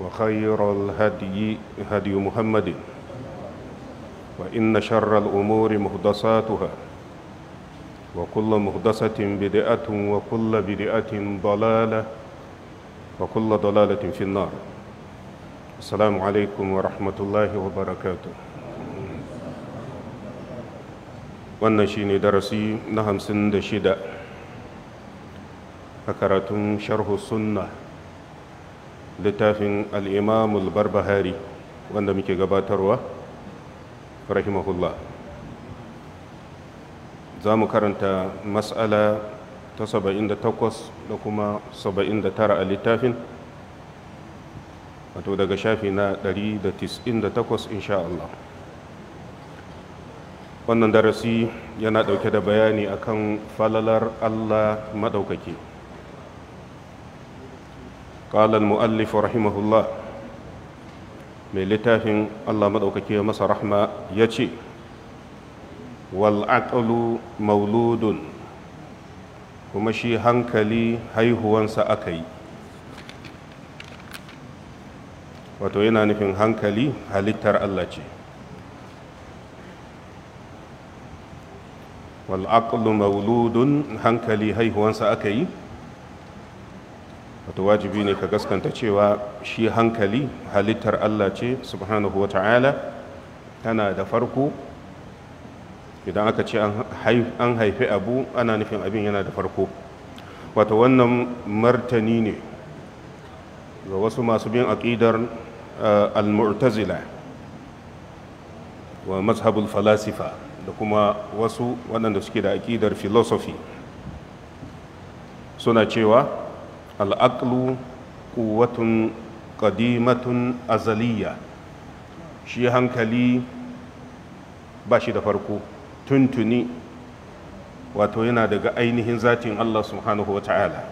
وخير الهدي هدي محمد وإن شر الأمور مهدساتها وكل مهدسة بدعة وكل بدعة ضلالة وكل ضلالة في النار السلام عليكم ورحمة الله وبركاته wannan shine darasi na hamsin da shida a karatun sharhu sunna littafin al'imamul barbahari wanda muke gabatarwa rahimahullah za mu karanta matsala ta 78 da kuma 79 a littafin wato daga shafi na 198 insha Allah wannan darasi yana dauke da bayani akan falalar Allah maɗaukaki قال المؤلف رحمه الله mai littafin Allah maɗaukake masa rahma ya ce wal'aƙalu mauludun kuma shi hankali haihuwansa wato yana nufin hankali halittar Allah ce aqlu mauludun hankali haihuwansa aka yi wato wajibi ne ka gaskanta cewa shi hankali halittar Allah ce subhanahu wa ta'ala tana da farko idan aka ce an haifi abu ana nufin abin yana da farko wato wannan martani ne ga wasu masu bin aƙidar eh, al-mu'tazila wa mazhabul falasifa da kuma wasu waɗanda suke da aƙidar philosophy suna cewa al'aqlu kuwatun qadimatun azaliya shi hankali ba shi da farko tuntuni wato yana daga ainihin zatin Allah subhanahu wata'ala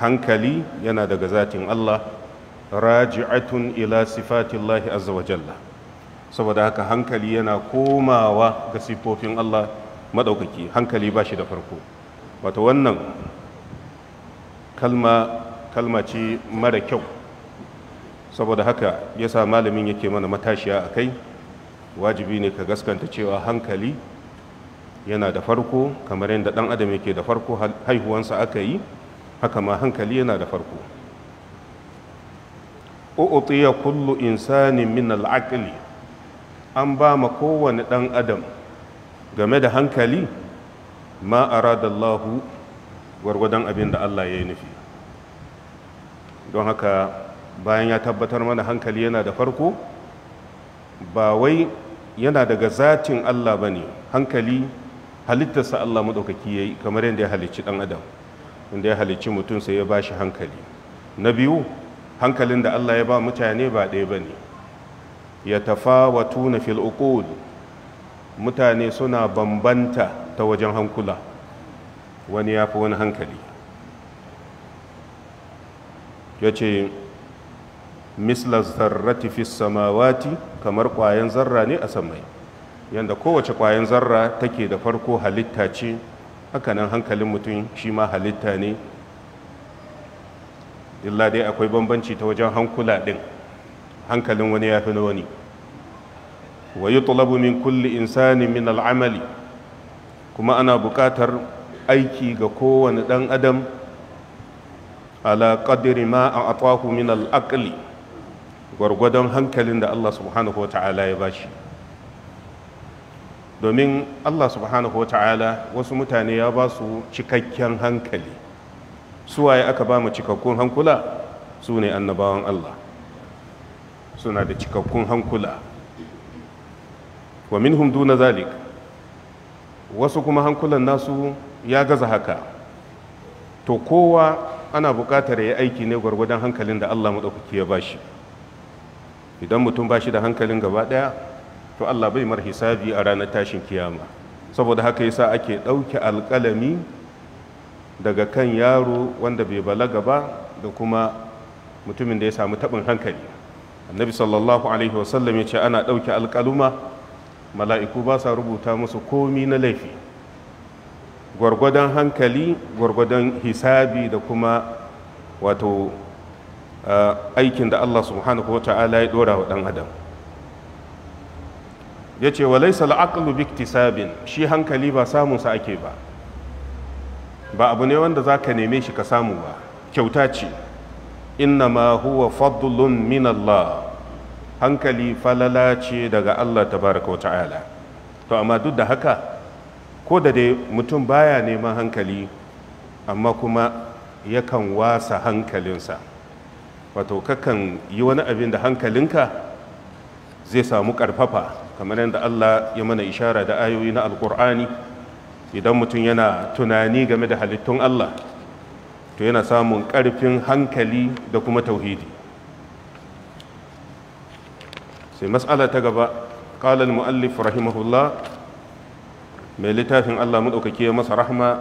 hankali yana daga zatin Allah raji'atun ila sifatillahi azza saboda haka hankali yana komawa ga sifofin Allah maɗaukaki hankali ba shi da farko wato wannan kalma kalma ce mara kyau saboda haka ya sa malamin yake mana matashiya a kai wajibi ne ka gaskanta cewa hankali yana da farko kamar yadda ɗan adam yake da farko haihuwansa aka yi haka ma hankali yana da farko u'tiya kullu insanin min al'aqli an ba ma kowane ɗan adam game da hankali ma aradallahu gwargwadon abin da Allah ya yi nufi don haka bayan ya tabbatar mana hankali yana da farko ba wai yana daga zatin Allah ba ne hankali halittarsa Allah maɗaukaki ya yi kamar yadda ya halicci ɗan adam inda ya halicci mutum sai ya ba shi hankali na biyu hankalin da Allah ya ba mutane ba ɗaya ba ne ya tafawatu na fil'uqul mutane suna bambanta ta wajen hankula wani ya fi wani hankali ya ce misla zarrati fi samawati kamar ƙwayan zarra ne a samai yadda kowace ƙwayan zarra take da farko halitta ce hakanan hankalin mutum shi ma halitta ne illa dai akwai bambanci ta wajen hankula ɗin hankalin wani ya fi na wani wa yi tulabu min kulli insani min al'amali kuma ana buƙatar aiki ga kowane ɗan adam ala qadri ma a'tahu min al gwargwadon hankalin da Allah subhanahu wa ta'ala ya bashi domin Allah subhanahu wa ta'ala wasu mutane ya ba su cikakken hankali suwaye aka ba mu cikakkun hankula su ne annabawan Allah suna da cikakkun hankula wa minhum duna zalik wasu kuma hankulan nasu ya gaza haka to kowa ana buƙatar ya aiki ne gwargwadon hankalin da Allah maɗaukaki ya shi idan mutum ba shi da hankalin gaba ɗaya to Allah bai mar hisabi a ranar tashin kiyama saboda haka yasa ake ɗauke alƙalami daga kan yaro wanda bai balaga ba da kuma mutumin da ya samu taɓin hankali annabi sallallahu alaihi wasallam ya ce ana ɗauke alƙaluma mala'iku ba sa rubuta musu komi na laifi gwargwadon hankali gwargwadon hisabi da kuma wato aikin da Allah subhanahu wa ta'ala ya dora wa ɗan adam ya ce wa laisa al'aqlu biktisabin shi hankali ba samunsa ake ba ba abu ne wanda za ka neme shi ka samu ba kyauta ce inna ma huwa fadlun min Allah hankali falala ce daga Allah tabaraka wa ta'ala to amma duk da haka ko da dai mutum baya neman hankali amma kuma yakan wasa hankalinsa wato kakan yi wani abin da hankalinka zai samu karfafa kamar yadda Allah ya mana ishara da ayoyi na alkur'ani idan mutum yana tunani game da halittun Allah to yana samun karfin hankali da kuma tauhidi sai matsala ta gaba قال mu'allif rahimahullah mai littafin Allah maɗaukaki ya masa rahma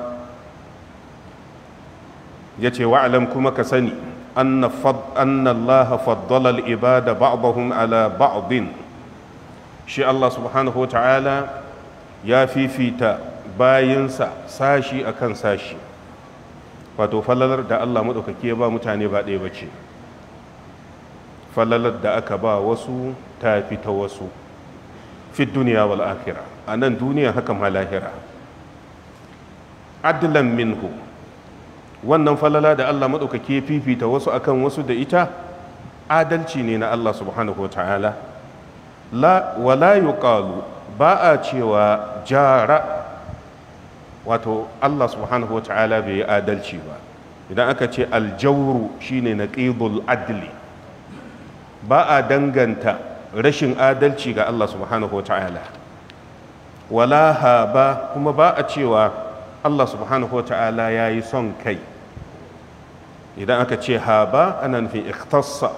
ya ce wa'alam kuma ka sani anna Allah faddala al'ibada ba'dahum ala ba'din shi Allah subhanahu wa ta'ala ya fifita bayansa sashi akan sashi wato falalar da Allah maɗaukaki ya ba mutane ba ɗaya ba ce falalar da aka ba wasu ta fita wasu fi duniya wal akhirah a nan duniya haka ma lahira adlan minhu wannan falala da Allah maɗaukaki ya fifita wasu akan wasu da ita adalci ne na Allah subhanahu wa ta'ala la wala ba a cewa jara wato Allah subhanahu wa ta'ala bai yi adalci ba idan aka ce aljauru shine ƙibul adli ba a danganta rashin adalci ga Allah subhanahu wa ta'ala wala haba kuma ba a cewa Allah subhanahu ta'ala ya yi son kai idan aka ce haba ana nufin ikhtassa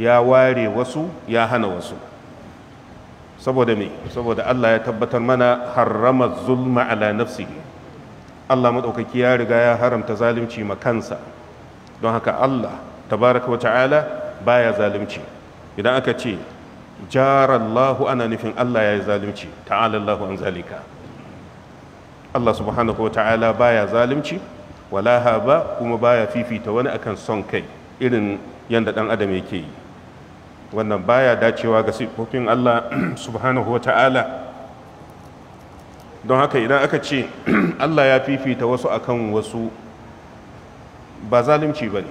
ya ware wasu ya hana wasu saboda me saboda Allah ya tabbatar mana harrama zulma ala nafsi Allah maɗaukaki ya riga ya haramta zalunci ma kansa don haka Allah tabaraka wa ta'ala baya zalunci idan aka ce jarallahu ana nufin Allah ya yi zalunci ta'alallahu an zalika Allah subhanahu wa ta'ala baya zalunci wala ba kuma baya fifita wani akan son kai irin yadda ɗan adam yake yi wannan baya dacewa ga siffofin Allah subhanahu wa ta'ala don haka idan aka ce Allah ya fifita wasu akan wasu ba zalunci ba ne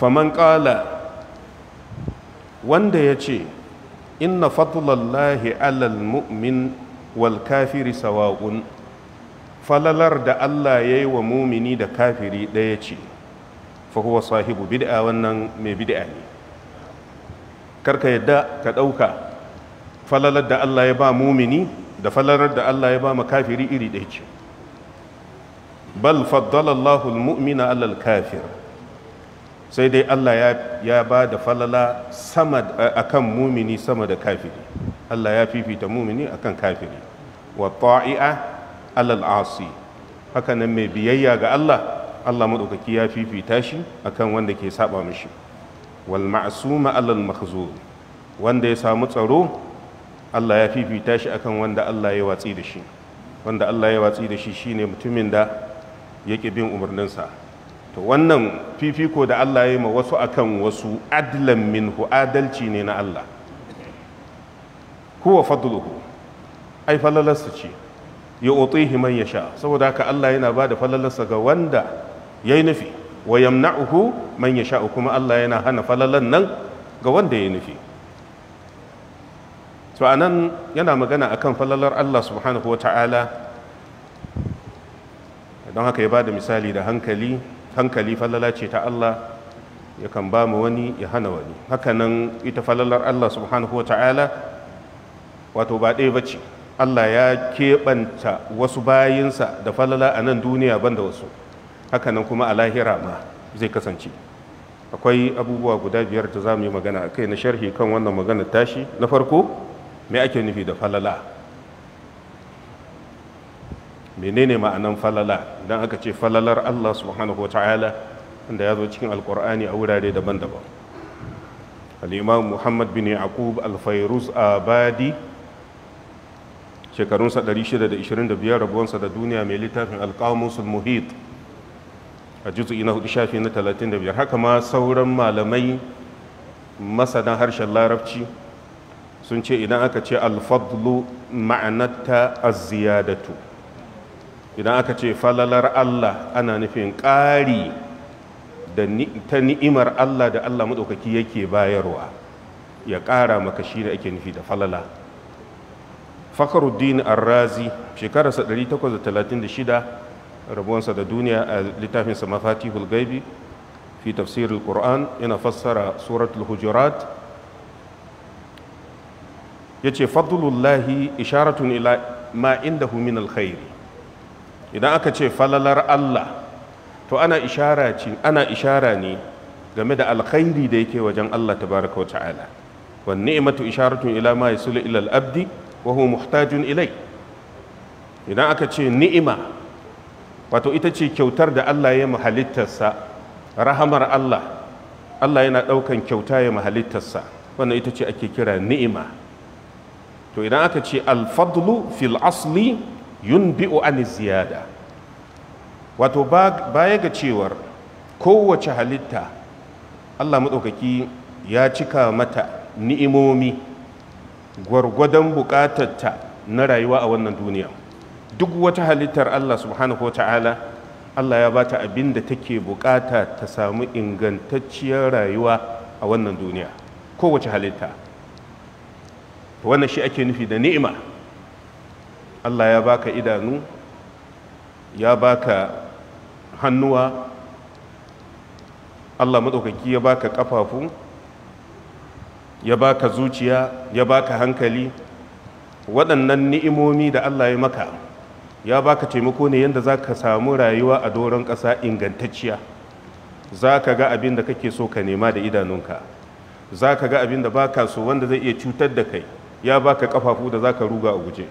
faman ƙala wanda ya ce inna fadlallahi alal mu'min wal kafiri sawa'un falalar da Allah ya yi wa mumini da kafiri ɗaya ce fa huwa sahibu bid'a wannan mai bid'a ne karka yadda ka ɗauka falalar da Allah ya ba mumini da falalar da Allah ya ba makafiri iri ɗaya ce bal faddalallahu al-mu'mina alal kafir sai dai Allah ya ba da falala kan mumini sama da kafiri Allah ya fifita mumini kan kafiri wa ta'i'a alal asi haka nan mai biyayya ga Allah Allah madaukaki ya fifita shi kan wanda ke saba mishi wal ma'suma alal mahzum wanda ya samu tsaro Allah ya fifita shi akan wanda Allah ya watsi da shi wanda Allah ya watsi da shi shine mutumin da yake bin umarninsa to wannan fifiko da Allah ya yi ma wasu akan wasu adlan minhu adalci ne na Allah huwa fadluhu ai falalarsa ce ya utihi man sha saboda haka Allah yana ba da falalarsa ga wanda yi nufi wa yamna'uhu man uku, kuma Allah yana hana falalan nan ga wanda yayi nufi to a nan yana magana akan falalar Allah subhanahu wa ta'ala don haka ya ba da misali da hankali hankali falala ce ta Allah Ya kan ba mu wani ya hana wani hakanan ita falalar Allah subhanahu wata'ala wato ba ɗaya bace Allah ya keɓanta wasu bayinsa da falala a nan duniya da wasu hakanan kuma a lahira ma zai kasance akwai abubuwa guda biyar da za mu yi magana a kai na sharhi kan wannan magana tashi na farko me ake nufi da falala menene ma'anan falala idan aka ce falalar Allah subhanahu wa ta'ala inda ya zo cikin alkur'ani a wurare daban-daban al'imam muhammad bin yaqub al-fairuz abadi shekarunsa 625 rabuwansa da duniya mai littafin alkamusul muhit a juzu'i ina hudu shafi na 35 haka ma sauran malamai masana harshen larabci sun ce idan aka ce alfadlu ma'anarta az-ziyadatu idan aka ce falalar Allah ana nufin ƙari ta ni'imar Allah da Allah maɗaukaki yake bayarwa ya ƙara maka shi da ake nufi da falala fakaruddin arrazi shekararsa 836 rabuwansa da duniya a littafinsa mafatihul gaibi fi tafsirin qur'an yana fassara suratul hujurat ya ce fadlullahi isharatun ila ma indahu min alkhairi idan aka ce falalar Allah to ana ishara ce ana ishara ne game da alkhairi da yake wajen Allah tabaraka wa ta'ala wan ni'matu isharatun ila ma yasulu ila al-abdi wa huwa muhtajun ilai idan aka ce ni'ima wato ita ce kyautar da Allah ya mahalittarsa rahamar Allah Allah yana daukan kyauta ya mahalittarsa wannan ita ce ake kira ni'ima to idan aka ce al-fadlu fil asli Yun biu an ziyada wato baya ga cewar kowace halitta Allah maɗaukaki ya cika mata ni'imomi gwargwadon bukatarta na rayuwa a wannan duniya duk wata halittar Allah subhanahu ta'ala Allah ya bata abin da take bukata ta samu ingantacciyar rayuwa a wannan duniya kowace halitta wannan shi ake nufi da ni'ima Allah ya baka idanu ya baka hannuwa Allah maɗaukaki ya baka kafafu ya baka zuciya ya baka hankali waɗannan ni'imomi da Allah ya maka ya baka taimako ne yadda za ka samu rayuwa a doron ƙasa ingantacciya za ka ga abin da kake so ka nema da idanunka za ka ga abin da baka so wanda zai iya cutar da kai ya baka kafafu da za ka ruga a guje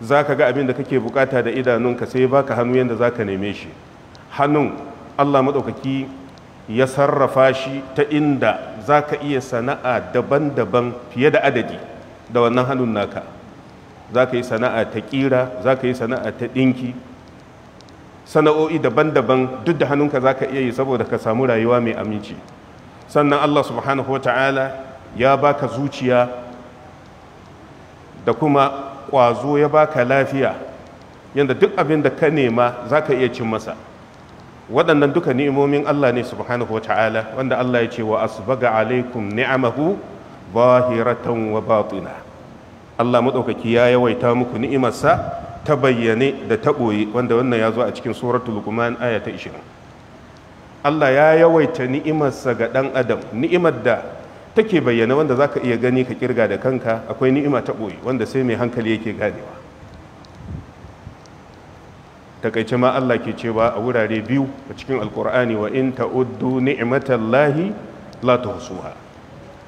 za ka ga abin da kake bukata da idanunka sai ba ka hannu yadda za ka neme shi hannun allah maɗaukaki ya sarrafa shi ta inda za ka iya sana'a daban-daban fiye da adadi da wannan hannun naka za ka yi sana'a ta ƙira za ka yi sana'a ta ɗinki sana'o'i daban-daban duk da hannunka za ka iya yi saboda ka samu rayuwa mai aminci sannan allah subhanahu wa ta'ala ya baka zuciya da kuma kwazo ya baka lafiya yadda duk abin da ka nema za ka iya cin masa waɗannan duka ni'imomin Allah ne subhanahu ta'ala wanda Allah ya ce wa asbaga alaikum ni'amahu zahiratan wa batina Allah maɗaukaki ya yawaita muku ni'imarsa ta bayyane da ta ɓoye wanda wannan ya zo a cikin suratul luqman aya ta 20 Allah ya yawaita ni'imarsa ga ɗan adam ni'imar da take bayyana wanda za ka iya gani ka kirga da kanka akwai ni'ima ta ɓoye wanda sai mai hankali yake ganewa takaice ma Allah ke cewa a wurare biyu a cikin alkur'ani wa in ta'uddu ni'matallahi la tuhsuha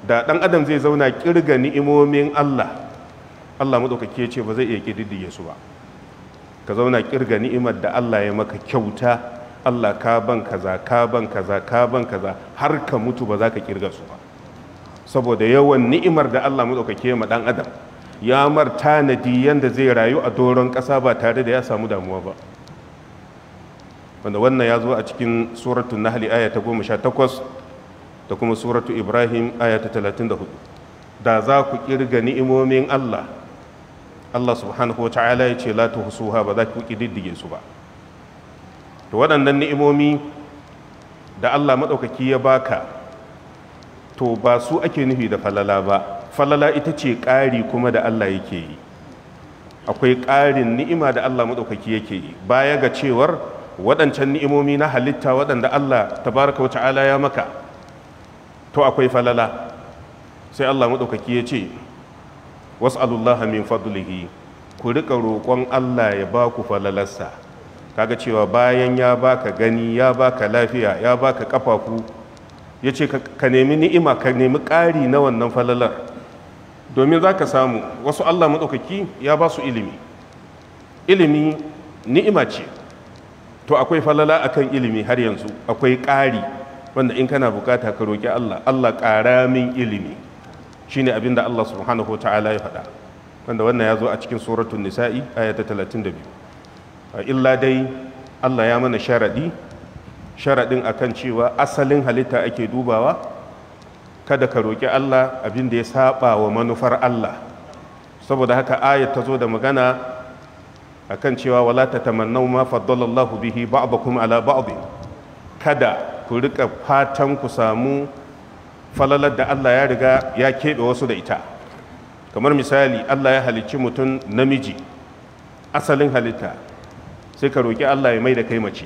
da dan adam zai zauna kirga ni'imomin Allah Allah madaukake ce ba zai iya kididdige su ba ka zauna kirga ni'imar da Allah ya maka kyauta Allah ka ban kaza ka ban kaza ka ban kaza har ka mutu ba za ka kirga su ba saboda yawan ni'imar da Allah madaukake ma ɗan adam ya mar tanadi yadda zai rayu a doron ƙasa ba tare da ya samu damuwa ba wanda wannan ya zo a cikin suratu nahli aya ta goma sha takwas da kuma suratu ibrahim aya ta talatin da hudu da za ku kirga ni'imomin allah allah subhanahu wa ta'ala ya ce latu tuhsuha ba za ku kididdige su ba to waɗannan ni'imomi da allah maɗaukaki ya baka to ba su ake nufi da falala ba falala ita ce ƙari kuma da Allah yake yi akwai ƙarin ni'ima da Allah maɗaukaki yake yi baya ga cewar waɗancan ni'imomi na halitta waɗanda Allah tabaraka wa ta'ala ya maka to akwai falala sai Allah maɗaukaki ya ce was'alullaha min fadlihi ku riƙa roƙon Allah ya ba ku falalarsa kaga cewa bayan ya baka gani ya baka lafiya ya baka ƙafafu ya ce ka nemi ni'ima ka nemi ƙari na wannan falalar domin za ka samu wasu allah maɗaukaki ya ba su ilimi ilimi ni'ima ce to akwai falala akan ilimi har yanzu akwai ƙari wanda in kana bukata ka roƙi allah allah ƙara min ilimi shine abin da allah subhanahu wa ta'ala ya faɗa wanda wannan ya zo a cikin suratun nisa'i ayata 32 illa dai allah ya mana sharaɗi sharaɗin a kan cewa asalin halitta ake dubawa kada ka roƙi Allah abin da ya saba wa manufar Allah saboda haka ayat ta zo da magana a kan cewa wala ta tamanna ma faddalallahu bihi ba'dakum ala ba'd kada ku rika fatan ku samu falalar da Allah ya riga ya keɓe wasu da ita kamar misali Allah ya halicci mutum namiji asalin halitta sai ka roƙi Allah ya mai da kai mace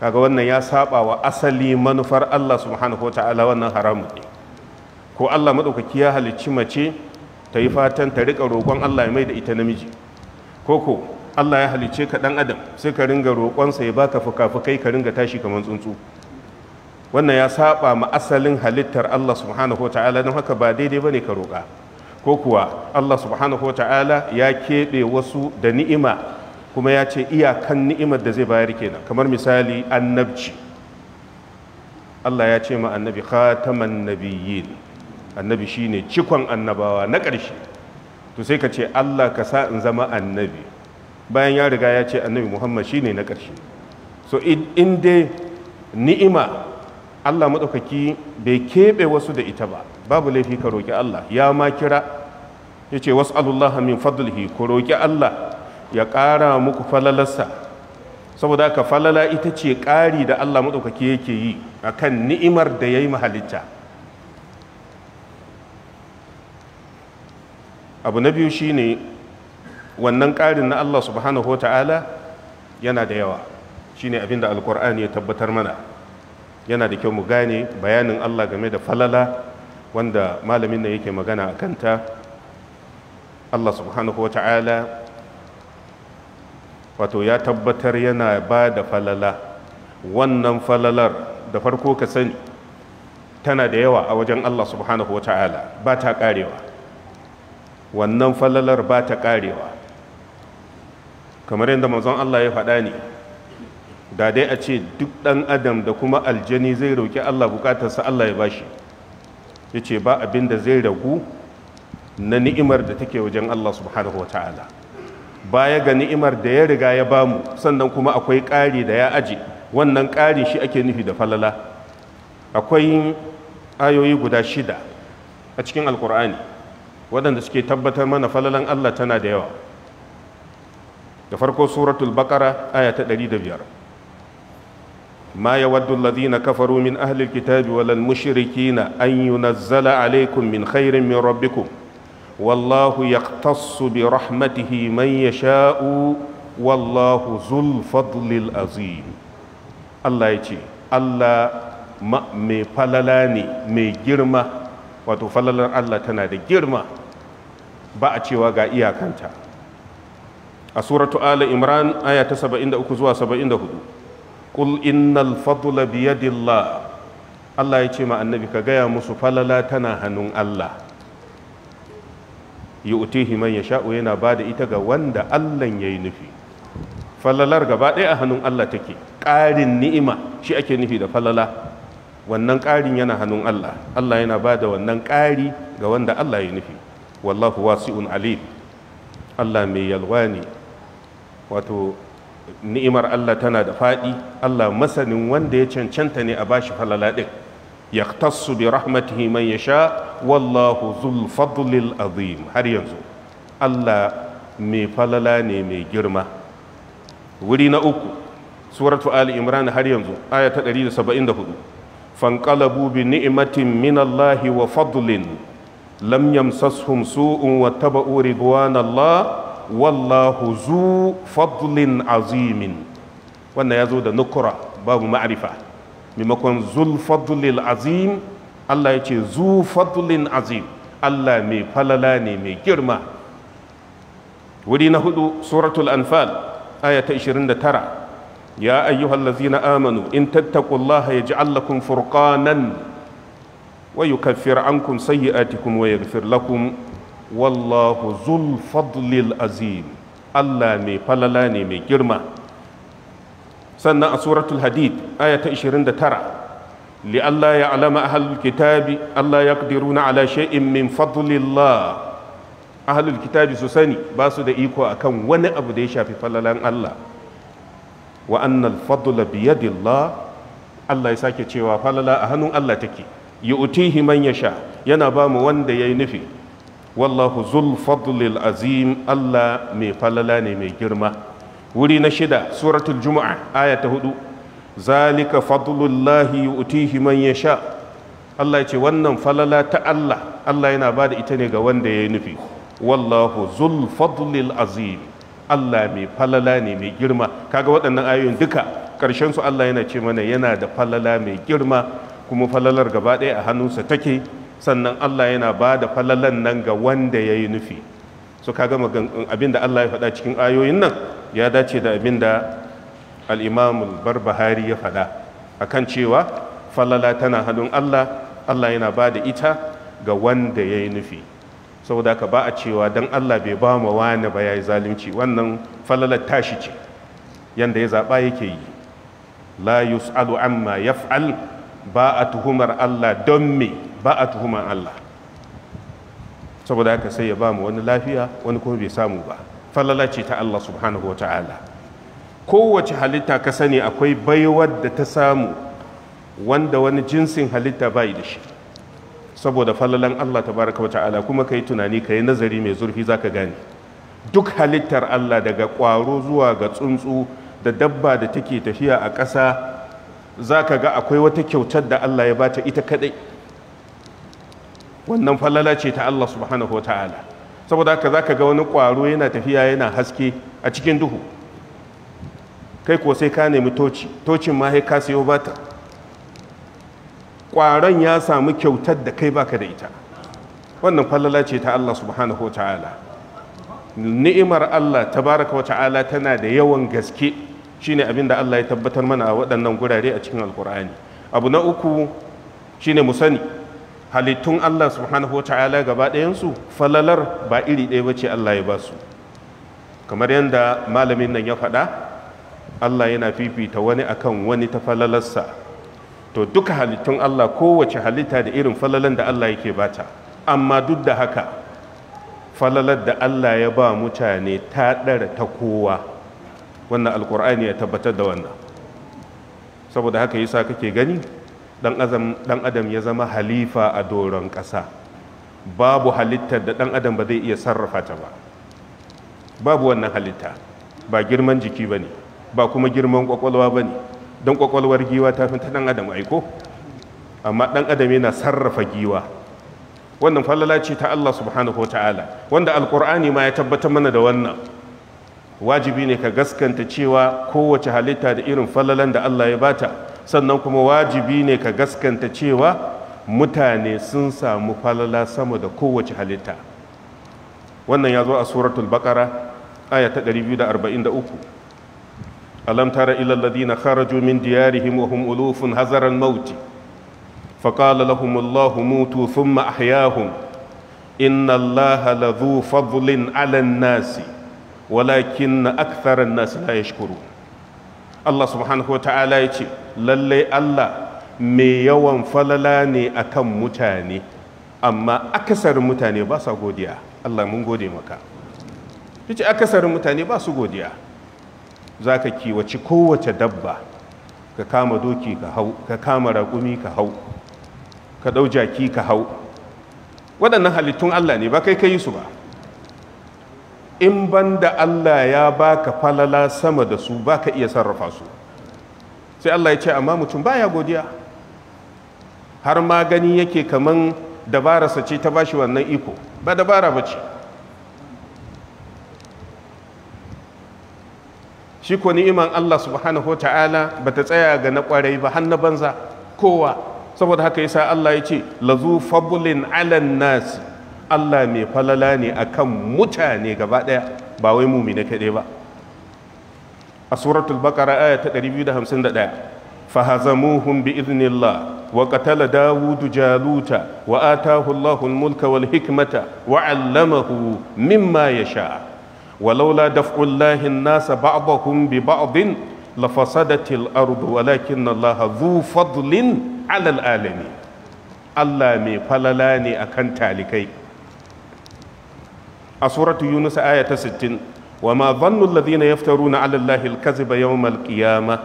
kaga wannan ya saba wa asali manufar Allah subhanahu wa ta'ala wannan haramu ne ko Allah madaukaki ya halicci mace ta yi fatan ta rika roƙon Allah ya mai da ita namiji ko ko Allah ya halicce ka dan adam sai ka ringa roƙonsa ya baka fuka-fukai ka ringa tashi kamar tsuntsu wannan ya saba ma asalin halittar Allah subhanahu wa ta'ala don haka ba daidai ba ne ka roƙa ko kuwa Allah subhanahu wa ta'ala ya keɓe wasu da ni'ima kuma ya ce iyakan ni'imar da zai bayar kenan kamar misali annabci Allah ya ce ma annabi khataman nabiyyin annabi shine cikon annabawa na ƙarshe to sai ka ce Allah ka sa in zama annabi bayan ya riga ya ce annabi Muhammad shine na ƙarshe so in dai ni'ima Allah maɗaukaki bai keɓe wasu da ita ba babu laifi ka roƙi Allah ya ma kira ya ce wasu Allah min fadlihi ku roƙi Allah ya ƙara muku falalarsa saboda ka falala ita ce ƙari da Allah maɗaukaki yake yi a kan ni'imar da ya yi mahalitta abu na biyu shine wannan ƙarin na Allah subhanahu wa ta'ala yana da yawa shine abinda da alkur'ani ya tabbatar mana yana da kyau mu gane bayanin Allah game da falala wanda malamin na yake magana a kanta Allah subhanahu wa ta'ala wato ya tabbatar yana ba da falala wannan falalar da farko ka sani tana da yawa a wajen Allah subhanahu wa ta'ala ba ta karewa wannan falalar ba ta karewa kamar yadda manzon Allah ya faɗa ne da dai a ce duk ɗan adam da kuma aljani zai roƙi Allah bukatarsa Allah ya bashi ya ce ba abin da zai ragu na ni'imar da take wajen Allah subhanahu wa ta'ala baya ga ni'imar da ya riga ya bamu sannan kuma akwai ƙari da ya aji wannan ƙari shi ake nufi da falala akwai ayoyi guda shida a cikin alkur'ani waɗanda suke tabbatar mana falalan allah tana da yawa da farko suratul baqara aya ta 105 Ma يود الذين كفروا من أهل الكتاب ولا المشركين أن ينزل عليكم من خير من ربكم wallahu yaqtassu bi rahmatihi man yasha'u wallahu zul fadlil azim Allah ya ce Allah mai falala ne mai girma wato falalar Allah tana da girma ba a cewa ga iyakanta a suratu ala imran aya ta 73 zuwa 74 qul innal fadla biyadillah Allah ya ce ma annabi ka gaya musu falala tana hannun Allah utihi man sha'u yana bada ita ga wanda Allah yayi nufi falalar gaba ɗaya a hannun Allah take ƙarin ni'ima shi ake nufi da falala wannan ƙarin yana hannun Allah Allah yana bada wannan ƙari ga wanda Allah ya nufi wallahu wasi'un alim Allah mai yalwa ne wato ni'imar Allah tana da faɗi Allah masanin wanda ya cancanta ne a bashi falala ɗin yaktassu bi rahmatihi man yasha wallahu zul fadlil azim har yanzu Allah mai falala ne mai girma wuri na uku suratu ali imran har yanzu aya ta 174 fanqalabu bi ni'matin ni'imatin minallahi wa fadlin lam yamsashum su'un wa tabu ridwanallah wallahu zu fadlin azimin wannan ya zo da nukura babu ma'arifa maimakon zul fadlil azim Allah ya ce zu fadlin azim Allah mai falala ne mai girma wuri na hudu suratul anfal ayata ta 29 ya ayyuhallazina amanu in tattaqullaha yaj'al lakum furqanan wa yukaffir sayi sayyi'atikum wa yaghfir lakum wallahu zul fadlil azim Allah mai falala ne mai girma sannan a suratul hadid ayata ta 29 li Allah ya alama ahlul kitabi Allah ya kudiruna ala shay'in min fadlillah ahlul kitabi su sani ba su da iko akan wani abu da ya shafi falalan Allah wa annal fadla Allah ya sake cewa falala a hannun Allah take yu'tihi man yasha yana ba mu wanda yayi nufi wallahu zul fadlil azim Allah mai falala ne mai girma wuri na shida suratul juma'a aya ta hudu zalika fadlullahi yu'tihi man yasha Allah ce wannan falala ta Allah Allah yana ba da ita ne ga wanda ya yi nufi wallahu zul fadlil azim Allah mai falala ne mai girma kaga waɗannan ayoyin duka ƙarshen su Allah yana ce mana yana da falala mai girma kuma falalar gaba ɗaya a hannunsa take sannan Allah yana ba da falalan nan ga wanda ya yi nufi so kaga abin da Allah ya fada cikin ayoyin nan ya dace da abin da al barbahari ya faɗa kan cewa falala tana hannun Allah Allah yana ba da ita ga wanda ya yi nufi saboda ka ba a cewa don Allah bai ba ma wani ba ya yi zalunci wannan falalar tashi ce yadda ya zaɓa yake yi la yus'alu amma yaf'al ba a tuhumar Allah don me ba a tuhumar Allah saboda haka sai ya ba mu wani lafiya wani kuma bai samu ba falala ce ta Allah subhanahu ta'ala kowace halitta ka sani akwai baiwar da ta samu wanda wani jinsin halitta bai da shi saboda falalan Allah tabaraka wa ta'ala kuma kai tunani kai nazari mai zurfi zaka gane duk halittar Allah daga ƙwaro zuwa ga tsuntsu da dabba da take tafiya a ƙasa zaka ga akwai wata kyautar da Allah ya bata ita kadai wannan falala ce ta Allah subhanahu wa ta'ala saboda haka zaka ga wani ƙwaro yana tafiya yana haske a cikin duhu kai ko sai ka nemi toci tocin ma ka sayo bata ƙwaron ya samu kyautar da kai baka da ita wannan falala ce ta Allah subhanahu wa ta'ala ni'imar Allah tabaraka wa ta'ala tana da yawan gaske shine abin da Allah ya tabbatar mana a waɗannan gurare a cikin alkur'ani abu na uku shine mu sani halittun Allah subhanahu wa ta'ala gaba ɗayansu falalar ba iri ɗaya ba ce Allah ya ba su kamar yadda malamin nan ya faɗa Allah yana fifita wani akan wani ta falalarsa to duka halittun Allah kowace halitta da irin falalan da Allah yake bata amma duk da haka falalar da Allah ya ba mutane ta ɗara ta kowa wannan alkur'ani ya tabbatar da wannan saboda haka yasa kake gani dan adam ya zama halifa a doron ƙasa babu halittar da dan adam ba zai iya sarrafa ta ba babu wannan halitta ba girman jiki ba ne ba kuma girman kwakwalwa ba ne don kwakwalwar giwa ta fi ta dan adam aiko amma dan adam yana sarrafa giwa wannan falala ce ta Allah subhanahu wa ta'ala wanda Alƙur'ani ma ya tabbatar mana da wannan wajibi ne ka gaskanta cewa kowace halitta da irin fallalan da Allah ya bata sannan kuma wajibi ne ka gaskanta cewa mutane sun samu falala sama da kowace halitta wannan ya zo a suratul baqara aya ta 243 alam tara ila alladhina kharaju min diyarihim wa hum ulufun hazaran mauti فقال لهم الله موتوا ثم أحياهم إن الله لذو فضل nasi walakin ولكن أكثر nasi لا يشكرون Allah subhanahu wa ta'ala ya ce lallai Allah mai yawan falala ne akan mutane amma akasarin mutane ba sa godiya Allah mun gode maka fice akasarin mutane ba su godiya za ka kiwaci kowace dabba ka kama doki ka hau ka kama raƙumi ka hau ka ɗau jaki ka hau waɗannan halittun Allah ne ba kai ka yi su ba in banda Allah ya baka falala sama da su baka iya sarrafa su sai Allah ya ce amma mutum baya godiya har ma gani yake kaman dabararsa ce ta bashi wannan iko ba dabara ba ce shi ko ni'iman Allah subhanahu ta'ala ba ta tsaya ga na kwarai ba har na banza kowa saboda haka yasa Allah ya ce lazu fadlin 'alan nasi Allah mai falala ne akan mutane gaba ɗaya ba wai mumina kaɗai ba a suratul bakara aya ta 251 fahazamuhum bi idnillah wa qatala dawudu jaluta wa atahu Allahu mulka wal hikmata wa 'allamahu mimma yasha ولولا دفع الله الناس بعضهم ببعض لفسدت الأرض ولكن الله ذو فضل على العالمين Allah mai falala ne akan talikai a suratu yunus aya ta 60 wa ma dhannu alladhina yaftaruna ala allahi alkaziba yawm alqiyama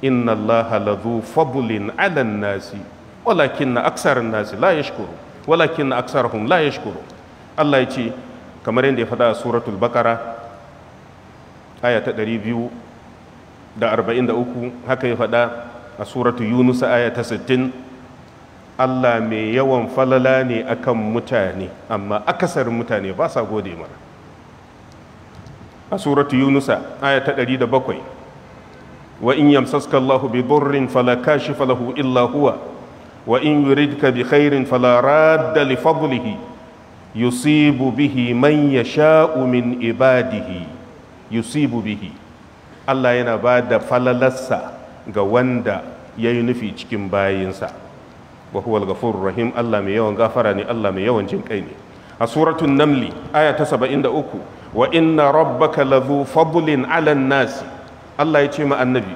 inna allaha ladhu fadlin ala nasi walakin aksar nasi la yashkuru walakin aksarhum la yashkuru Allah ya ce kamar yadda ya faɗa a suratul bakara aya ta 243 haka ya faɗa a suratu yunus aya ta 60 Allah mai yawan falala ne akan mutane amma akasar mutane ba sa gode mana a suratu yunusa aya ta 107 wa in yamsaska Allah bi durrin fala kashifa lahu illa huwa wa in yuridka bi khairin fala radda li fadlihi yusibu bihi man yasha'u min ibadihi yusibu bihi Allah yana ba da falalarsa ga wanda ya yi nufi cikin bayinsa wa huwa al-ghafurur rahim Allah mai yawan gafara ne Allah mai yawan jin kai ne a suratul namli aya ta 73 wa inna rabbaka ladhu fadlin 'ala an-nas Allah ya ce ma annabi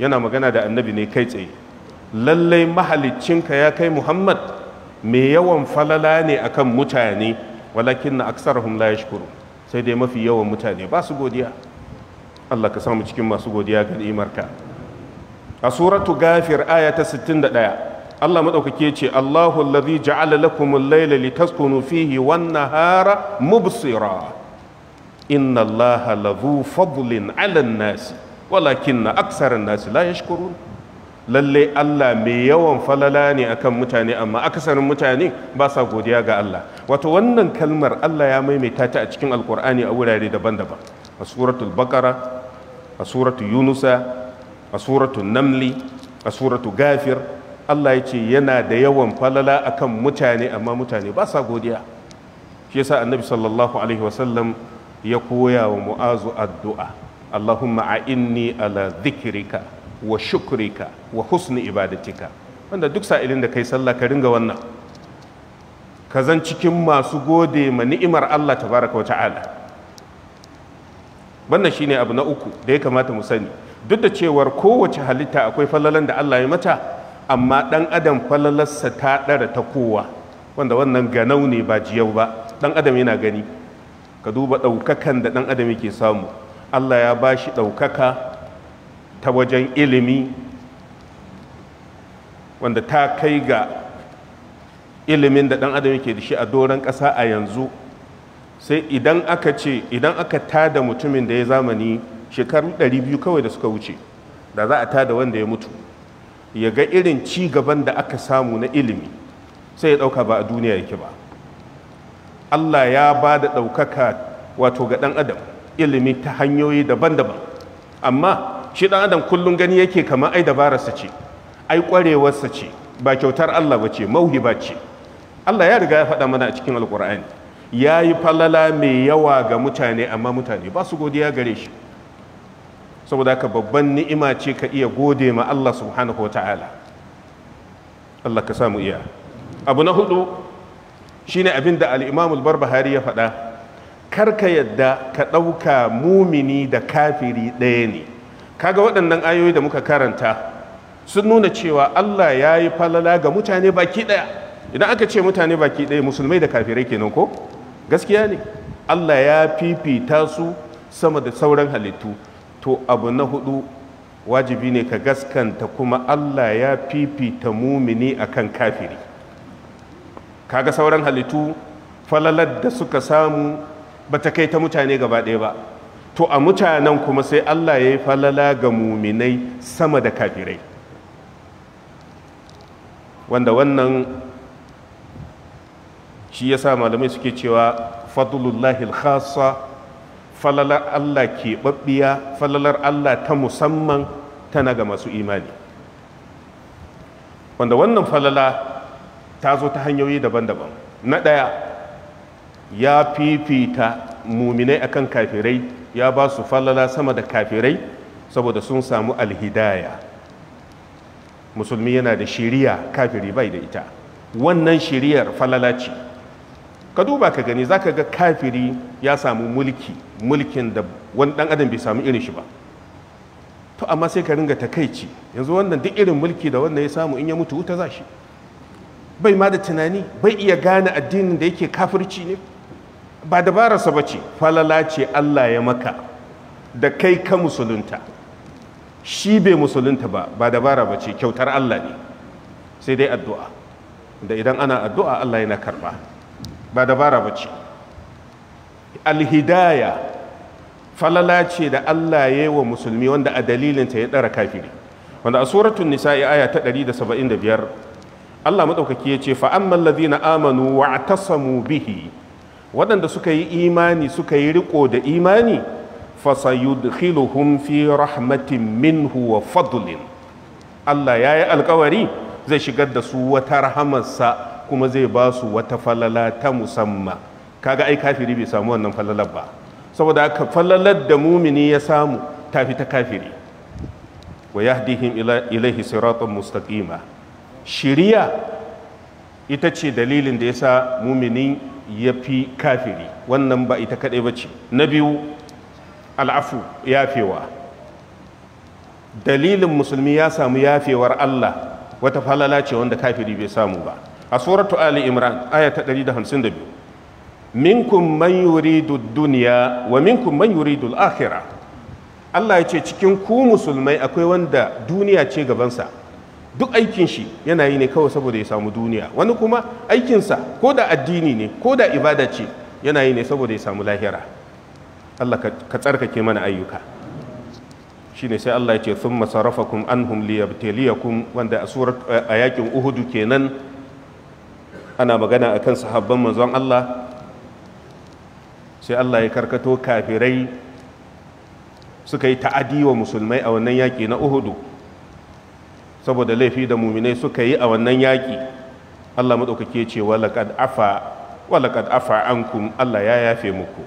yana magana da annabi ne kai tsaye lallai mahaliccinka ya kai Muhammad mai yawan falala ne akan mutane walakin na aksarahum la yashkuru sai dai mafi yawan mutane ba su godiya Allah ka samu cikin masu godiya ga ni'imarka a suratu gafir aya ta 61 Allah madaukake ce Allahu allazi ja'ala Laila layla litaskunu fihi wan nahara mubsira inna Allaha lazu fadlin 'alan nasi na aktharan nasi la yashkurun lalle Allah mai yawan falala ne akan mutane amma akasarin mutane ba sa godiya ga Allah wato wannan kalmar Allah ya maimaita ta a cikin alkur'ani a wurare daban-daban a suratul baqara a suratul yunusa a suratul namli a suratul gafir Allah ya ce yana da yawan falala akan mutane amma mutane ba sa godiya shi yasa annabi sallallahu alaihi wasallam ya koya wa mu'azu addu'a Allahumma inni ala dhikrika wa shukrika wa husni ibadatika wanda duk sa'ilin da kai sallah ka ringa wannan ka zan cikin masu gode ma ni'imar Allah tabaraka wa ta'ala wannan shine abu na uku da ya kamata mu sani duk da cewar kowace halitta akwai falalan da Allah ya mata amma ɗan adam falalarsa ta ɗara ta kowa wanda wannan ganau ne ba jiyau ba ɗan adam yana gani ka duba ɗaukakan da ɗan adam yake samu allah ya ba shi ɗaukaka ta wajen ilimi wanda ta kai ga ilimin da ɗan adam yake da shi a doron ƙasa a yanzu sai idan aka ce idan aka tada mutumin da ya zamani shekaru 200 kawai da suka wuce da za a tada wanda ya mutu ya ga irin ci gaban da aka samu na ilimi sai ya ɗauka ba a duniya yake ba Allah ya ba da ɗaukaka wato ga ɗan adam ilimi ta hanyoyi daban-daban amma shi ɗan adam kullum gani yake kamar ai dabararsa ce ai ƙwarewarsa ce ba kyautar Allah ba ce mauhiba ce Allah ya riga ya faɗa mana a cikin alƙur'ani ya yi falala mai yawa ga mutane amma mutane ba su godiya gare shi saboda haka babban ni'ima ce ka iya gode ma Allah subhanahu wa ta'ala Allah ka samu iya abu na hudu shine abin da alimamul bar al-Barbahari ya faɗa karka yadda ka ɗauka mumini da kafiri ɗaya ne kaga waɗannan ayoyi da muka karanta sun nuna cewa Allah ya yi falala ga mutane baki ɗaya idan aka ce mutane baki ɗaya musulmai da kafirai kenan ko gaskiya ne Allah ya fifita su sama da sauran halittu to abu na hudu wajibi ne ka gaskanta kuma Allah ya fifita mumini akan kafiri kaga sauran halittu falalar da suka samu ba ta kai ta mutane gaba ɗaya ba to a mutanen kuma sai Allah ya yi falala ga muminai sama da kafirai wanda wannan shi ya sa malamai suke cewa fadlullahi al-khassa falalar Allah keɓaɓɓiya falalar Allah ta musamman tana ga masu imani wanda wannan falala ta zo ta hanyoyi daban-daban na ɗaya ya fifita muminai akan kafirai ya ba su falala sama da kafirai saboda sun samu alhidaya musulmi yana da shiriya kafiri bai da ita wannan shiriyar falala ce ka duba ka gani za ka ga kafiri ya samu mulki mulkin da wani dan adam bai samu irin shi ba to amma sai ka ringa takaici yanzu wannan duk irin mulki da wannan ya samu in ya mutu wuta za shi bai ma da tunani bai iya gane addinin da yake kafirci ne ba dabararsa ba ce falala ce Allah ya maka da kai ka musulunta shi bai musulunta ba ba dabara ba ce kyautar Allah ne sai dai addu'a da idan ana addu'a Allah yana karba ba dabara ba ce alhidaya falala ce da Allah ya yi wa musulmi wanda a dalilinta ya ɗara kafiri wanda a suratun nisa'i aya ta 175 Allah maɗaukaki ya ce fa'amman lazina amanu wa tasamu bihi waɗanda suka yi imani suka yi riko da imani fasayudkhiluhum fi rahmatin minhu wa fadlin Allah ya yi alkawari zai shigar da su wata rahamarsa kuma zai ba su wata falala ta musamman kaga ai kafiri bai samu wannan falalar ba saboda haka falalar da mumini ya samu tafi ta kafiri wa yahdihim ilaihi siratun mustaqima shiriya ita ce dalilin da yasa mumini ya fi kafiri wannan ba ita kaɗai ba ce na biyu al'afu yafewa dalilin musulmi ya samu yafewar allah wata falala ce wanda kafiri bai samu ba a suratu ali imran aya ta 152 minkum man yuridu dunya wa minkum man yuridu al akhira Allah ya ce cikin ku musulmai akwai wanda duniya ce gabansa duk aikin shi yana yi ne kawai saboda ya samu duniya wani kuma aikinsa ko da addini ne ko da ibada ce yana yi ne saboda ya samu lahira Allah ka tsarkake mana ayyuka shine sai Allah ya ce thumma sarafakum anhum liyabtaliyakum wanda a a yakin uhudu kenan ana magana akan sahabban manzon Allah sai Allah ya karkato kafirai suka yi ta'adi wa musulmai a wannan yaƙi na Uhudu saboda laifi da muminai suka yi a wannan yaƙi Allah maɗaukaki ya ce walaqad afa ankum Allah ya yafe muku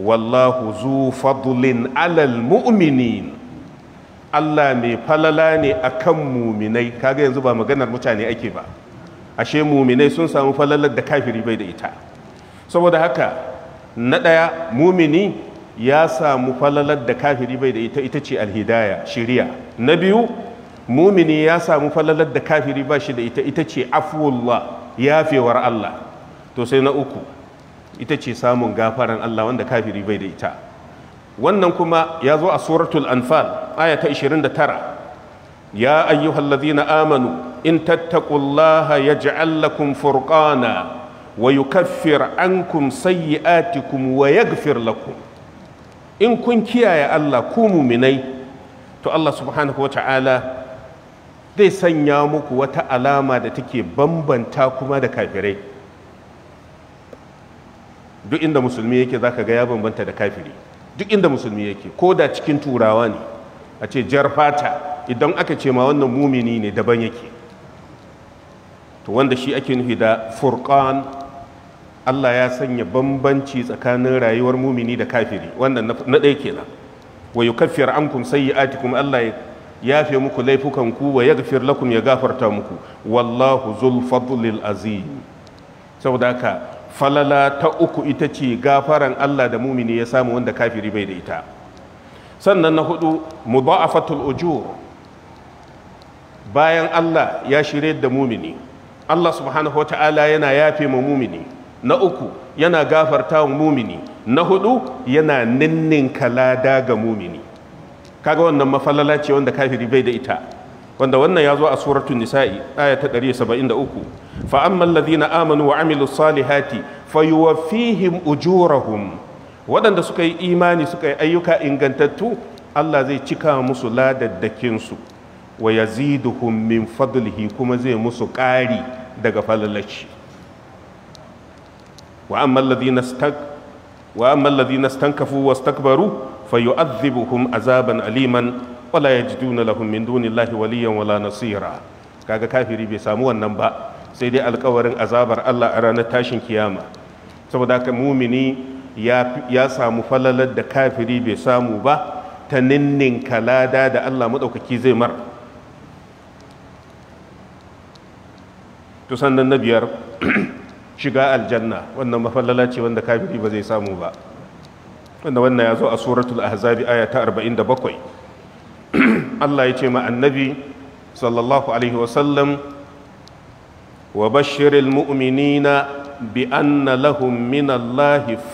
wallahu zu fadlin alal mu'minin Allah mai falala ne akan muminai kaga yanzu ba maganar mutane ake ba ashe muminai sun samu falalar da kafiri bai da ita saboda haka na ɗaya mumini ya samu falalar da kafiri bai da ita ita ce alhidaya shiriya na biyu mumini ya samu falalar da kafiri ba shi da ita ita ce afuwullah yafewar Allah to sai na uku ita ce samun gafaran Allah wanda kafiri bai da ita wannan kuma ya zo a suratul anfal aya ta 29 ya ayyuhallazina amanu in tattaqullaha yaj'al lakum furqana wa yukaffir ankum sayyi'atikum wa yaghfir lakum in kun kiyaye Allah ku muminai to Allah subhanahu wata'ala zai sanya muku wata alama da take bambanta kuma da kafirai duk inda musulmi yake zaka ga ya bambanta da kafiri duk inda musulmi yake ko da cikin turawa ne a ce jar fata idan aka ce ma wannan mumini ne daban yake to wanda shi ake nufi da furqan Allah ya sanya bambanci tsakanin rayuwar mumini da kafiri wannan na ɗaya kenan wa yukaffir ankum sayyi'atikum Allah ya yafe muku laifukan ku wa yaghfir lakum ya gafarta muku wallahu zul fadlil azim saboda haka falala ta uku ita ce gafaran Allah da mumini ya samu wanda kafiri bai da ita sannan na hudu mudha'afatul ujur bayan Allah ya shirye da mumini Allah subhanahu wata'ala yana yafe ma mumini na uku yana gafarta wa mumini na hudu yana ninninka lada ga mumini kaga wannan mafalala ce wanda kafiri bai da ita wanda wannan ya zo a suratul nisa'i aya ta 173 fa ammal ladina amanu wa amilu salihati fayuwaffihim ujurahum waɗanda suka yi imani suka yi ayyuka ingantattu Allah zai cika musu ladaddakin su wa yaziduhum min fadlihi kuma zai musu ƙari daga falalaci wa amma alladhina stag wa amma alladhina stankafu wastakbaru fayu'adhibuhum azaban aliman wala yajiduna lahum min dunillahi waliyan wala nasira kaga kafiri bai samu wannan ba sai dai alkawarin azabar Allah a ranar tashin kiyama saboda haka mumini ya samu falalar da kafiri bai samu ba ta ninnin kalada da Allah maɗaukaki zai mara to sannan na biyar shiga aljanna wannan mafallala ce wanda kafiri ba zai samu ba wanda wannan ya zo a suratul ahzabi aya ta 47 Allah ya ce ma annabi sallallahu alaihi wasallam wa bashiril mu'minina bi anna lahum min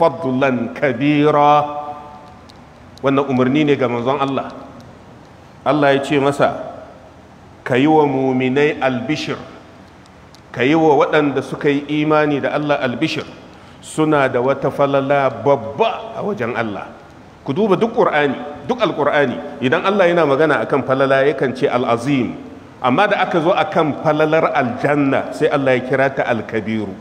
fadlan kabira wannan umarni ne ga manzon Allah Allah ya ce masa ka yi wa muminai albishir ka yi wa waɗanda suka yi imani da Allah albishir suna da wata falala babba a wajen Allah ku duba duk ƙur'ani duk alƙur'ani idan Allah yana magana akan falala yakan ce al'azim amma da aka zo akan falalar aljanna sai Allah ya kira ta alkabiru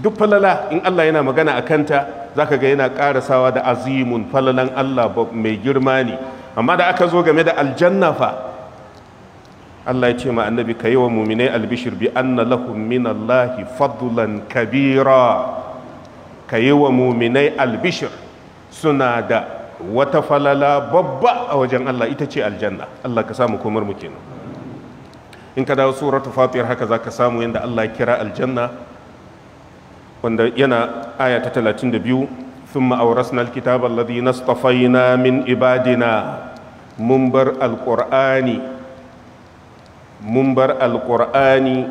duk falala in Allah yana magana a kanta za ka ga yana ƙarasawa da azimun falalan Allah mai girma ne amma da aka zo game da aljanna fa Allah ya ce ma annabi ka yi wa muminai albishir bi anna lahum min fadlan kabira ka yi wa muminai albishir suna da wata falala babba a wajen Allah ita ce aljanna Allah ka samu komar kenan in ka dawo suratu fatir haka zaka samu yadda Allah kira aljanna wanda yana aya ta 32 ثم أورثنا الكتاب الذي اصطفينا ibadina mun bar القرآن mun bar alƙur'ani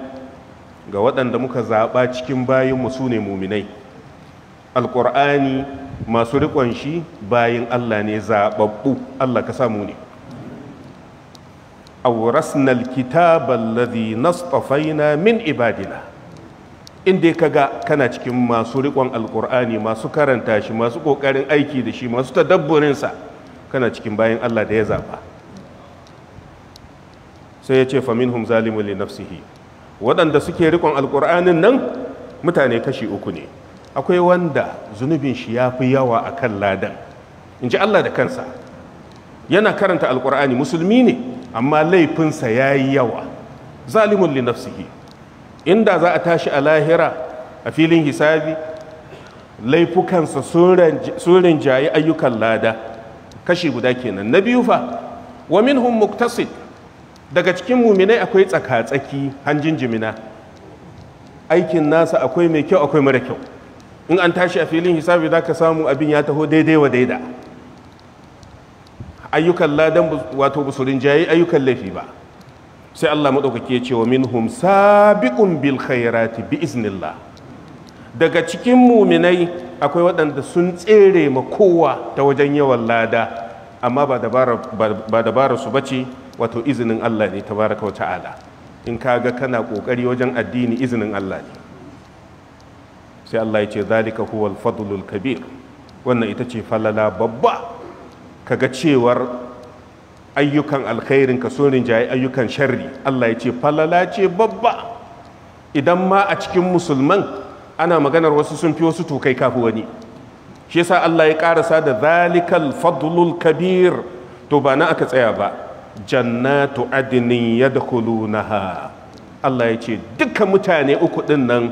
ga waɗanda muka zaɓa cikin bayinmu su ne muminai alƙur'ani masu riƙon shi bayan allah ne zaɓaɓɓu allah ka samu ne aurasna alkitaba alladhi min ibadina inda ka kaga kana cikin masu riƙon alƙur'ani masu karanta shi masu ƙoƙarin aiki da shi masu tadabburinsa kana cikin bayan allah da ya zaɓa sai ya ce faminhum zalimun li nafsihi waɗanda suke rikon alƙur'anin nan mutane kashi uku ne akwai wanda zunubin shi ya fi yawa a kan ladan in ji Allah da kansa yana karanta alƙur'ani musulmi ne amma laifinsa ya yi yawa zalimun li nafsihi inda za a tashi a lahira a filin hisabi laifukansa sun rinjaye ayyukan lada kashi guda kenan na biyu fa wa minhum muktasid daga cikin muminai akwai tsaka-tsaki hanjin jimina aikin nasa akwai mai kyau akwai mara kyau in an tashi a filin hisabi za ka samu abin ya taho daidai wa daida ayyukan ladan wato busurin jayi ayyukan laifi ba sai Allah maɗaukaki ya ce wa minhum sabiqun bil khairati bi iznillah daga cikin muminai akwai waɗanda sun tsere ma kowa ta wajen yawan lada amma ba dabara su bace wato izinin Allah ne baraka wa ta'ala in kaga kana kokari wajen addini izinin Allah ne sai Allah ya ce zalika huwal fadlul kabir wannan ita ce falala babba kaga cewar ayyukan alkhairin ka sun rinjaye ayyukan sharri Allah ya ce falala ce babba idan ma a cikin musulman ana maganar wasu sun fi wasu tokai kafi wani shi yasa Allah ya karasa da zalikal fadlul kabir to ba na aka tsaya ba jannatu adinin yadkhulunaha Allah ya ce dukkan mutane uku ɗin nan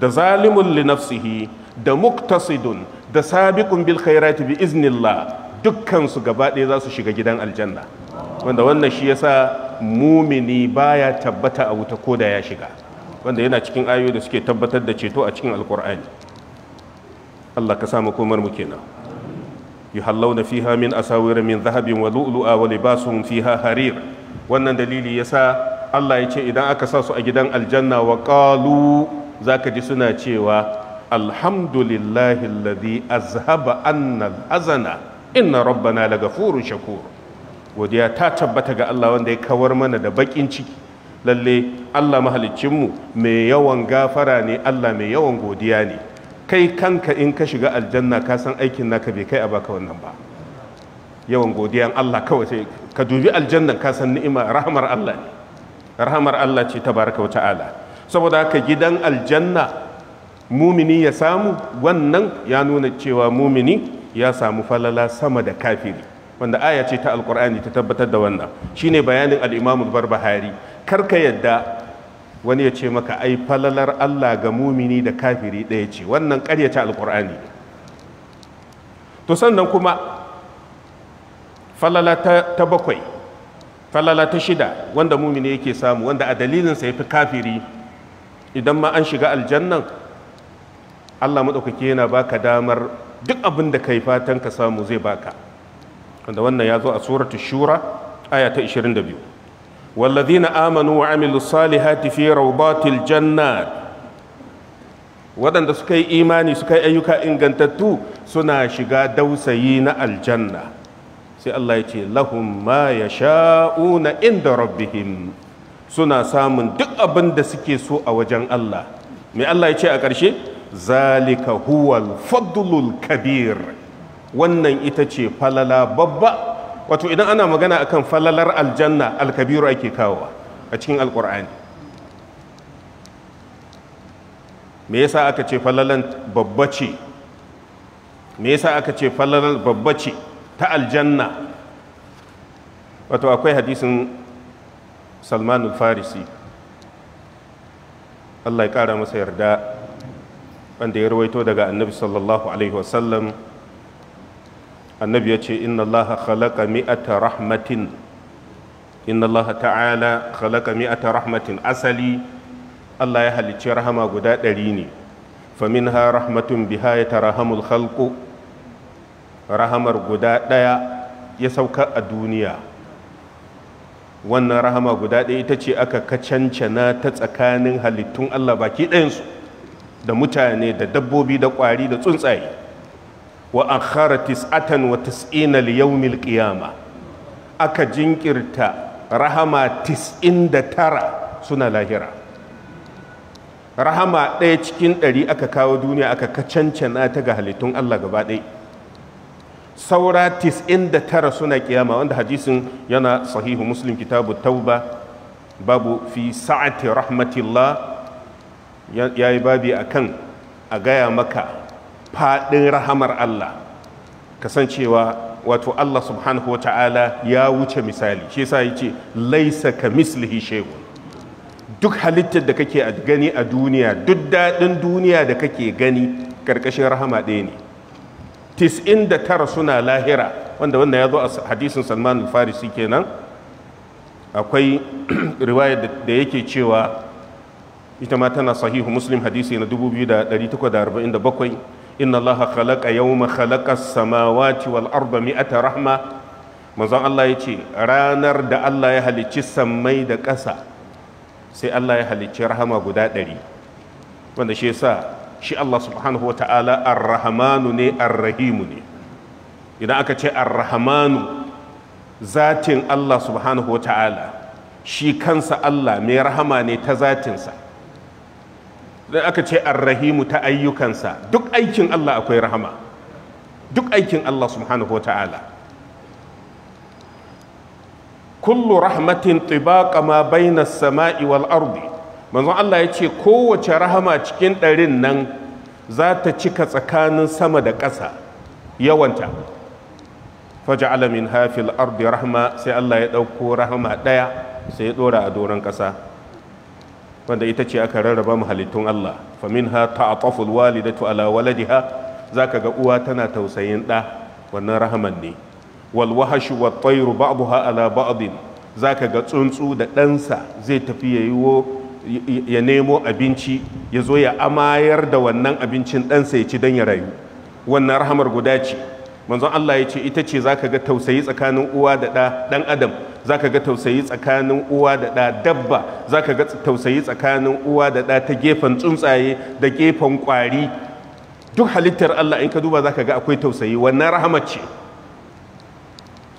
da zalimun linafsihi da muktasidun da sabiqun bil khairati bi iznillah dukkan su gaba ɗaya za su shiga gidan aljanna wanda wannan shi yasa mumini baya tabbata a wuta ko da ya shiga wanda yana cikin ayoyi da suke tabbatar da ceto a cikin alkur'ani Allah ka samu komar mu kenan yuhallawna fiha min asawira min zahabin wa lu'lu'a wa libasuhum fiha harir wannan dalili yasa Allah ya ce idan aka sa su a gidan aljanna wa qalu zaka ji suna cewa alhamdulillahi alladhi azhaba anna azana inna rabbana lagafurun shakur godiya ta tabbata ga Allah wanda ya kawar mana da bakin ciki lalle Allah mu mai yawan gafara ne Allah mai yawan godiya ne kai kanka in ka shiga aljanna ka san aikin naka bai kai a baka wannan ba yawan godiyan Allah kawai sai ka dubi aljanna ka san ni'ima rahmar Allah ne rahmar Allah ce tabaraka wa ta'ala saboda haka gidan aljanna mumini ya samu wannan ya nuna cewa mumini ya samu falala sama da kafiri wanda aya ce ta alkur'ani ta tabbatar da wannan shine bayanin al-imamul barbahari karka yadda wani ya ce maka ai falalar Allah ga mumini da kafiri ɗaya ce wannan ta alƙur'ani to sannan kuma falala ta, bakwai falala ta shida wanda mumini yake samu wanda a dalilinsa ya fi kafiri idan ma an shiga aljannan Allah maɗaukaki yana baka damar duk abin da kai fatan ka samu zai baka wanda wannan ya zo a suratu shura aya ta 22 والذين آمنوا وعملوا الصالحات في روضات الجنات waɗanda suka yi imani suka yi ayyuka ingantattu suna shiga dausayi na aljanna sai Allah ya ce lahum ma ya sha'una inda rabbihim suna samun duk abin da suke so a wajen Allah mai Allah ya ce a ƙarshe zalika huwal fadlul kabir wannan ita ce falala babba wato idan ana magana akan falalar aljanna alkabiru ake kawowa a cikin alkur'ani me yasa aka ce falalan babba ce me yasa aka ce falalar babba ce ta aljanna wato akwai hadisin salman farisi allah ya kara masa yarda wanda ya rawaito daga annabi sallallahu alaihi wasallam annabi ya ce inna allaha khalaqa mi'ata rahmatin inna Allah ta'ala khalaqa mi'ata rahmatin asali Allah ya halicci rahama guda ɗari ne faminha rahmatun biha ya tarahamul khalqu rahamar guda ɗaya ya sauka a duniya wannan rahama guda ɗaya ita ce aka kacancana ta tsakanin halittun Allah baki ɗayansu da mutane da dabbobi da ƙwari da tsuntsaye wa akhara tis'atan wa tis'ina li yawmil qiyama aka jinkirta rahama tis'in da tara suna lahira rahama ɗaya cikin ɗari aka kawo duniya aka kacancana ta ga halittun Allah gaba ɗaya saura tis'in da tara suna ƙiyama, wanda hadisin yana sahihu muslim kitabu tauba babu fi sa'ati rahmatillah ya yi babi akan a gaya maka faɗin rahamar Allah kasancewa wato Allah subhanahu wa ta'ala ya wuce misali shi yasa yace laisa ka mislihi Shehu. duk halittar da kake gani a duniya duk daɗin duniya da kake gani ƙarƙashin rahama ɗaya ne tis'in da tara suna lahira wanda wannan ya zo a hadisin salman al-farisi kenan akwai riwayar da yake cewa ita ma tana sahihu muslim hadisi na 2847 inna Allah khalaqa yawma khalaqa samawati wal arda mi'ata rahma manzon Allah ya ce ranar da Allah ya halicci sammai da ƙasa sai Allah ya halicci rahama guda ɗari wanda shi sa shi Allah subhanahu wata'ala ar ne arrahimu, ne idan aka ce arrahmanu zatin Allah subhanahu ta'ala shi kansa Allah mai rahama ne ta zatinsa da aka ce arrahimu ta ayyukansa duk aikin Allah akwai rahama duk aikin Allah subhanahu ta'ala kullu rahmatin tibaqa ma baina samai wal ardi Allah ya ce kowace rahama cikin ɗarin nan za ta cika tsakanin sama da ƙasa yawanta faja'ala min hafil ardi rahma sai Allah ya ɗauko rahama ɗaya sai ya ɗora a doron ƙasa wanda ita ce aka rarraba mu halittun Allah fa minha ta'ataful walidatu ala waladiha zaka ga uwa tana tausayin ɗa wannan rahaman ne wal wahashu wat tayru ba'daha ala ba'din zaka ga tsuntsu da ɗansa zai tafi yayiwo ya nemo abinci ya zo ya amayar da wannan abincin ɗansa ya ci don ya rayu wannan rahamar guda ce manzon Allah ya ce ita ce zaka ga tausayi tsakanin uwa da ɗa ɗan adam za ka ga tausayi tsakanin uwa da ɗa dabba za ka ga tausayi tsakanin uwa da ɗa ta gefen tsuntsaye da gefen ƙwari duk halittar Allah in ka duba za ka ga akwai tausayi wannan rahama ce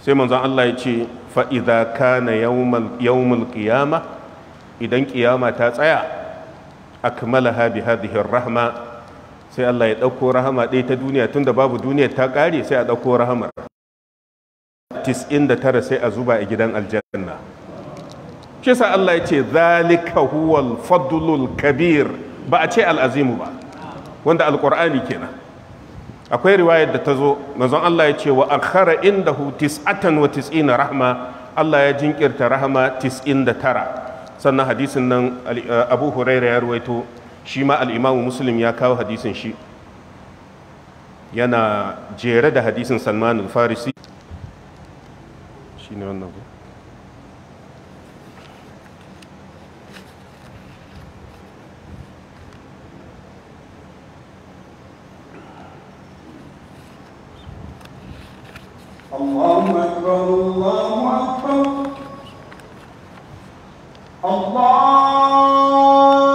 sai manzon Allah ya ce fa'iza kana yawmul qiyama idan ƙiyama ta tsaya akmalaha bi hadhihi rahma sai Allah ya ɗauko rahama ɗaya ta duniya tunda babu duniyar ta ƙare sai a ɗauko rahama. tara sai a zuba a gidan aljanna Kisa Allah ya ce zalika huwal fadlul kabir ba a ce al'azimu ba wanda Alƙur'ani kenan akwai riwayar da ta zo manzon Allah ya ce wa akhara indahu 99 rahma Allah ya jinkirta rahma rahama tara. sannan hadisin nan uh, Abu Huraira ya ruwaito shi ma al Muslim ya kawo hadisin shi yana jere da hadisin Salman al-Farisi vicino al lavoro. اللهم أكبر الله أكبر الله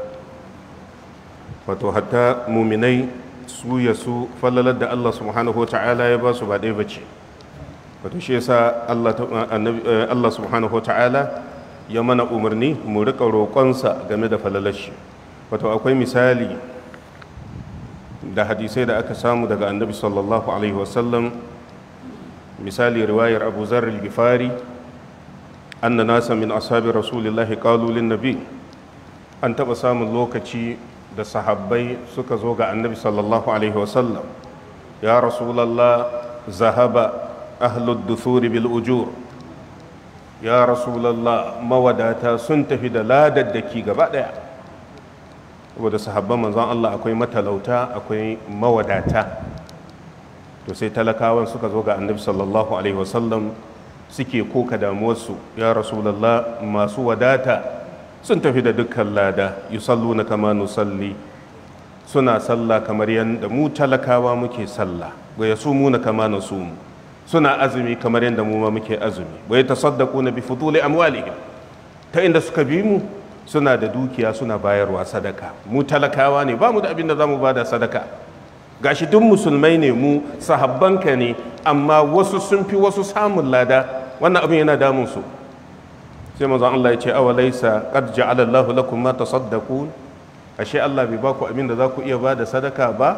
wato hatta muminai su ya su fallalar da Allah subhanahu wa ta'ala ya ba su ba ɗaya ce wato shi yasa eh, Allah subhanahu wa ta'ala ya mana umarni mu rika roƙonsa game da fallalar shi wato akwai misali da hadisai da aka samu daga annabi sallallahu alaihi wasallam misali riwayar abu zarar gifari an na nasa min rasulillahi ƙalulin nabi an taɓa samun lokaci da sahabbai suka zo ga annabi sallallahu alaihi wasallam ya rasulallah zahaba ahlud duthuri bil ujur ya rasulallah mawadata sun tafi da ladaddaki gaba daya saboda sahabban manzon Allah akwai matalauta akwai mawadata to sai talakawan suka zo ga annabi sallallahu alaihi wasallam suke koka damuwarsu ya rasulallah masu wadata sun tafi da dukkan lada yusallu na kama nusalli suna sallah kamar yadda mu talakawa muke sallah wa sumu na kama nasumu suna azumi kamar yadda mu ma muke azumi wa na bi fuduli amwalihim ta inda suka bi mu suna da dukiya suna bayarwa sadaka mu talakawa ne ba mu da abin da zamu da sadaka gashi duk musulmai ne mu sahabbanka ne amma wasu sun fi wasu samun lada wannan abin yana damun su sai manzon Allah ya ce awa laisa qad ja'ala Allahu lakum ma tasaddaqun ashe Allah bai baku abin da zaku iya bada sadaka ba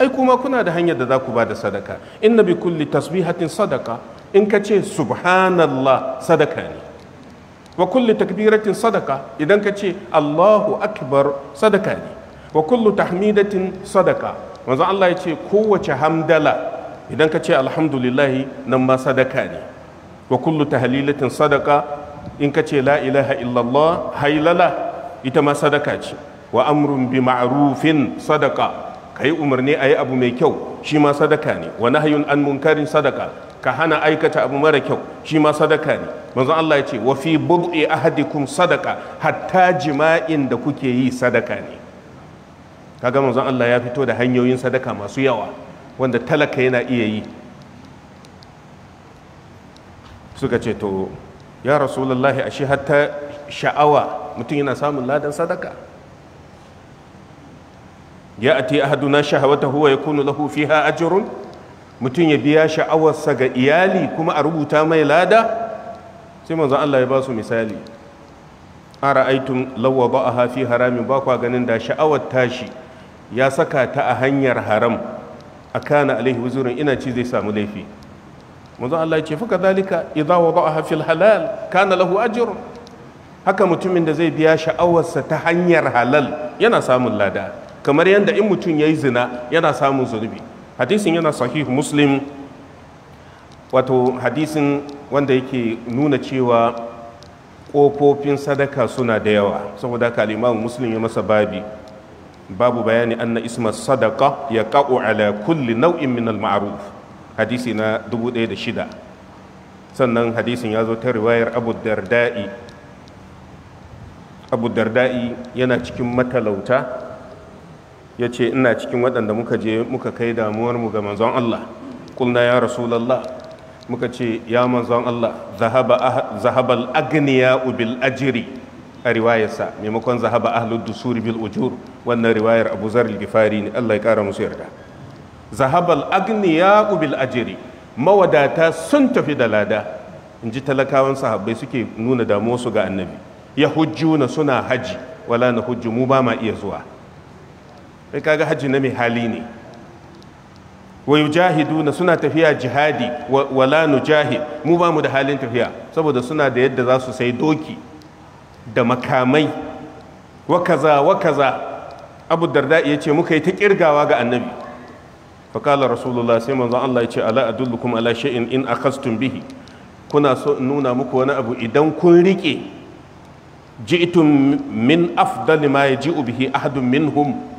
ai kuma kuna da hanyar da zaku bada sadaka inna bi kulli tasbihatin sadaka in ka ce subhanallah sadaka ne wa kulli takbiratin sadaka idan ka ce Allahu akbar sadaka ne wa kullu tahmidatin sadaka manzon Allah ya ce kowace hamdala idan ka ce alhamdulillahi nan ma sadaka ne wa kullu tahlilatin sadaka in ka ce la ilaha illallah hailala ita ma sadaka ce wa amrun bi ma'rufin sadaka yi umarni ayi abu mai kyau shi ma sadaka ne wa nahyun an munkarin sadaka ka hana aikata abu mara kyau shi ma sadaka ne manzo Allah ya ce wa fi bud'i ahadikum sadaka hatta jima'in da kuke yi sadaka ne kaga manzon Allah ya fito da hanyoyin sadaka masu yawa wanda talaka yana iya yi suka ce to ya rasulullahi ashe hatta sha'awa mutum yana samun ladan sadaka ya ati ahaduna shahawata huwa ya kunu lahu fiha ajrun mutum ya biya sha'awarsa ga iyali kuma a rubuta mai lada sai manzan Allah ya ba su misali a ra'aitun lawa ba a hafi haramin ba kwa ganin da sha'awar tashi ya saka ta a hanyar haram a kana alaihi wuzurin ina ci zai samu laifi manzon Allah ce fa kadhalika idza wada'aha fil halal kana lahu ajr haka mutumin da zai biya sha'awarsa ta hanyar halal yana samun lada kamar yadda in mutum yayi zina yana samun zunubi hadisin yana sahih muslim wato hadisin wanda yake nuna cewa ƙofofin sadaka suna da yawa saboda haka al-imamu muslim ya masa babi babu bayani anna isma sadaka ya ka'u ala kulli nau'in min al-ma'ruf hadisi na 1006 sannan hadisin ya zo ta riwayar abu darda'i abu darda'i yana cikin matalauta ya ce ina cikin waɗanda muka je muka kai damuwarmu ga manzon Allah kulna ya rasulallah muka ce ya manzon Allah ah, zahabal agniya bil ajiri a riwayarsa maimakon zahaba ahlud dusuri bil ujur wannan riwayar abu zar gifari ne Allah ya kara musu yarda zahabal ya ƙubil ajiri mawadata sun tafi da lada in ji talakawan sahabbai suke nuna damuwarsu ga annabi ya na suna haji wala na hujju mu ba ma iya zuwa kaga haji na mai hali ne wa na suna tafiya jihadi wala nujahid mu ba mu da halin tafiya saboda suna da yadda za su sai doki da makamai wa kaza wa kaza abu darda ya ce muka yi ta kirgawa ga annabi faƙalar rasulullah sai manzon Allah ya ce ala adullukum ala sha'in in akhastum bihi kuna so in nuna muku wani abu idan kun rike ji'tum min afdali ma yaji'u bihi ahadun hum.